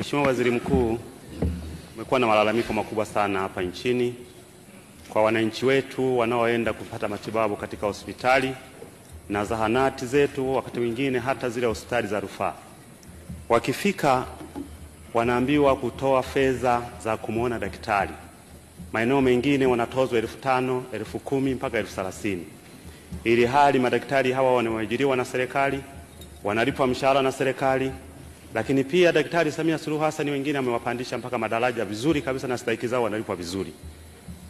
Mheshimiwa Waziri Mkuu, kumekuwa na malalamiko makubwa sana hapa nchini kwa wananchi wetu wanaoenda kupata matibabu katika hospitali na zahanati zetu, wakati mwingine hata zile hospitali za rufaa. Wakifika wanaambiwa kutoa fedha za kumwona daktari. Maeneo mengine wanatozwa elfu tano, elfu kumi mpaka elfu thelathini ili hali madaktari hawa wanaoajiriwa na serikali wanalipwa mshahara na serikali lakini pia Daktari Samia Suluhu Hassan wengine amewapandisha mpaka madaraja vizuri kabisa na stahiki zao wanalipwa vizuri,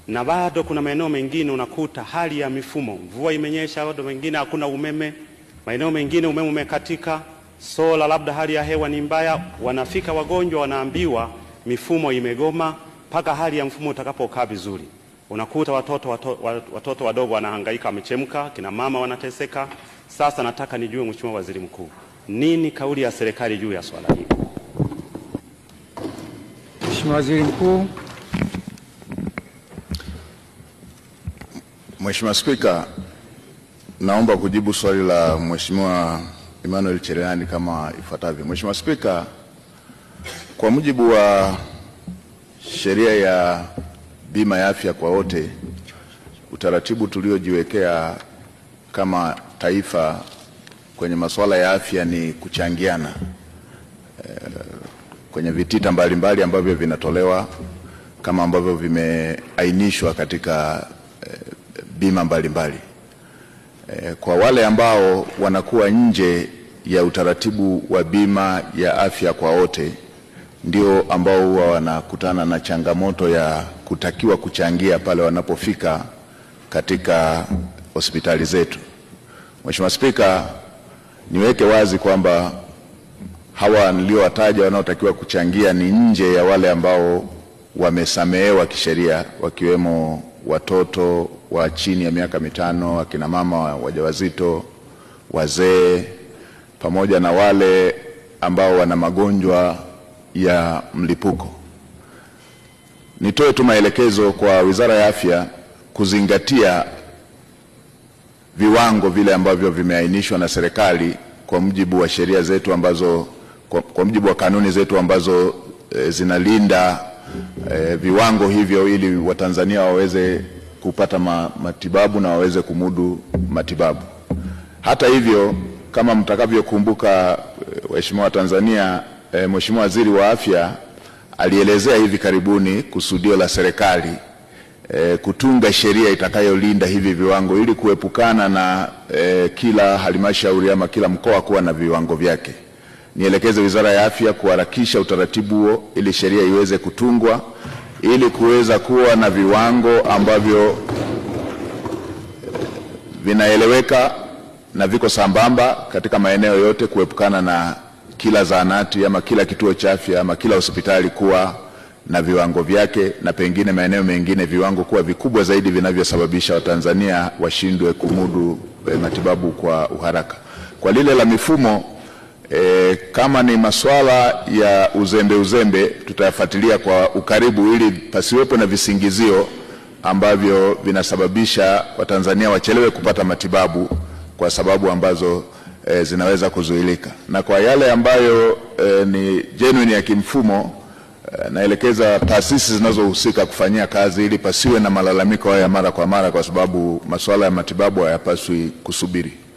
na bado kuna maeneo mengine unakuta hali ya mifumo, mvua imenyesha, bado mengine hakuna umeme, maeneo mengine umeme umekatika, sola, labda hali ya hewa ni mbaya, wanafika wagonjwa wanaambiwa mifumo imegoma mpaka hali ya mfumo utakapokaa vizuri. Unakuta watoto, watoto, watoto wadogo wanahangaika, wamechemka, kina mama wanateseka. Sasa nataka nijue Mheshimiwa Waziri Mkuu nini kauli ya serikali juu ya swala hili? Mheshimiwa Waziri Mkuu. Mheshimiwa Spika, naomba kujibu swali la Mheshimiwa Emmanuel Cherehani kama ifuatavyo. Mheshimiwa Spika, kwa mujibu wa sheria ya bima ya afya kwa wote, utaratibu tuliojiwekea kama taifa kwenye masuala ya afya ni kuchangiana eh, kwenye vitita mbalimbali ambavyo vinatolewa kama ambavyo vimeainishwa katika eh, bima mbalimbali mbali. Eh, kwa wale ambao wanakuwa nje ya utaratibu wa bima ya afya kwa wote ndio ambao huwa wanakutana na changamoto ya kutakiwa kuchangia pale wanapofika katika hospitali zetu. Mheshimiwa Spika, Niweke wazi kwamba hawa niliowataja wanaotakiwa kuchangia ni nje ya wale ambao wamesamehewa kisheria, wakiwemo watoto wa chini ya miaka mitano, akina mama wajawazito, wazee, pamoja na wale ambao wana magonjwa ya mlipuko. Nitoe tu maelekezo kwa Wizara ya Afya kuzingatia viwango vile ambavyo vimeainishwa na serikali kwa mujibu wa sheria zetu ambazo kwa, kwa mujibu wa kanuni zetu ambazo e, zinalinda e, viwango hivyo ili Watanzania waweze kupata ma, matibabu na waweze kumudu matibabu. Hata hivyo kama mtakavyokumbuka eh, waheshimiwa Tanzania e, Mheshimiwa Waziri wa Afya alielezea hivi karibuni kusudio la serikali e, kutunga sheria itakayolinda hivi viwango ili kuepukana na e, kila halmashauri ama kila mkoa kuwa na viwango vyake. Nielekeze Wizara ya Afya kuharakisha utaratibu huo ili sheria iweze kutungwa ili kuweza kuwa na viwango ambavyo eh, vinaeleweka na viko sambamba katika maeneo yote, kuepukana na kila zahanati ama kila kituo cha afya ama kila hospitali kuwa na viwango vyake na pengine maeneo mengine viwango kuwa vikubwa zaidi vinavyosababisha Watanzania washindwe kumudu e, matibabu kwa uharaka. Kwa lile la mifumo e, kama ni masuala ya uzembe uzembe, tutayafuatilia kwa ukaribu ili pasiwepo na visingizio ambavyo vinasababisha Watanzania wachelewe kupata matibabu kwa sababu ambazo e, zinaweza kuzuilika, na kwa yale ambayo e, ni genuine ya kimfumo Eh, naelekeza taasisi zinazohusika kufanyia kazi ili pasiwe na malalamiko haya mara kwa mara, kwa sababu masuala ya matibabu hayapaswi kusubiri.